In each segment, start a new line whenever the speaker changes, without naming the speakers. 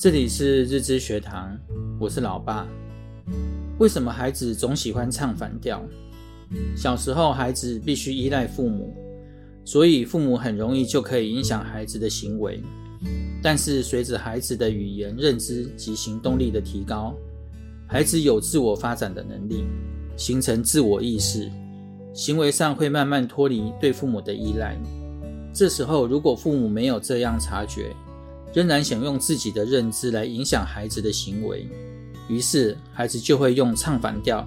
這裡是日知學堂，我是老爸。為什麼孩子總喜歡唱反調？小時候，孩子必須依賴父母，所以父母很容易就可以影響孩子的行為。但是，隨着孩子的語言、認知及行動力的提高，孩子有自我發展的能力，形成自我意識，行為上會慢慢脫離對父母的依賴。這時候，如果父母沒有這樣察覺，仍然想用自己的認知來影響孩子的行為，於是孩子就會用唱反調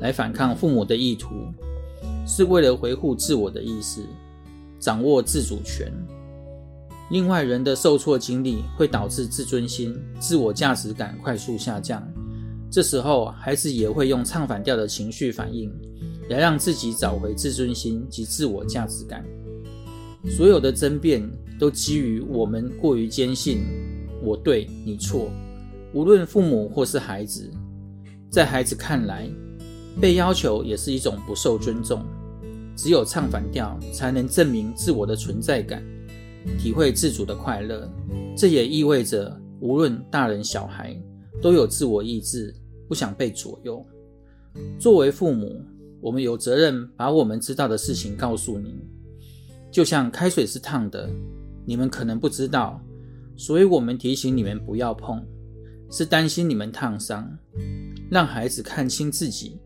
來反抗父母的意圖，是為了維護自我的意識，掌握自主權。另外，人的受挫經歷會導致自尊心、自我價值感快速下降，這時候孩子也會用唱反調的情緒反應，來讓自己找回自尊心及自我價值感。所有的爭辯，都基於我們過於堅信我對你錯，無論父母或是孩子，在孩子看來，被要求也是一種不受尊重。只有唱反調，才能證明自我的存在感，體會自主的快樂。這也意味着，無論大人小孩，都有自我意志，不想被左右。作為父母，我們有責任把我們知道的事情告訴你，就像開水是燙的。你們可能不知道，所以我們提醒你們不要碰，是擔心你們燙傷。讓孩子看清自己，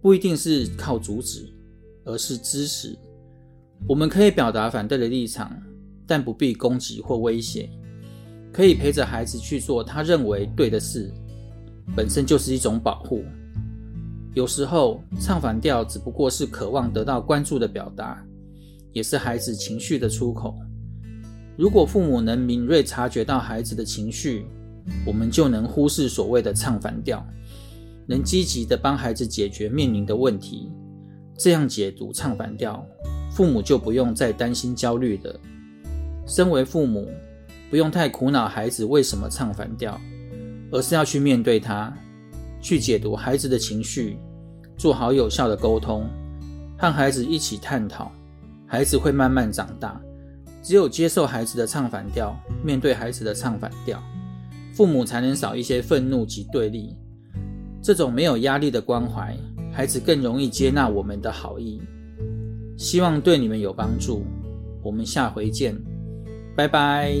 不一定是靠阻止，而是支持。我們可以表達反對的立場，但不必攻擊或威脅。可以陪着孩子去做他認為對的事，本身就是一種保護。有時候唱反調只不過是渴望得到關注的表達，也是孩子情緒的出口。如果父母能敏銳察覺到孩子的情緒，我們就能忽視所謂的唱反調，能積極的幫孩子解決面臨的問題。這樣解讀唱反調，父母就不用再擔心焦慮了。身為父母，不用太苦惱孩子為什麼唱反調，而是要去面對它，去解讀孩子的情緒，做好有效的溝通，和孩子一起探討，孩子會慢慢長大。只有接受孩子的唱反調，面對孩子的唱反調，父母才能少一些憤怒及對立。這種沒有壓力的關懷，孩子更容易接納我們的好意。希望對你們有幫助，我們下回見，拜拜。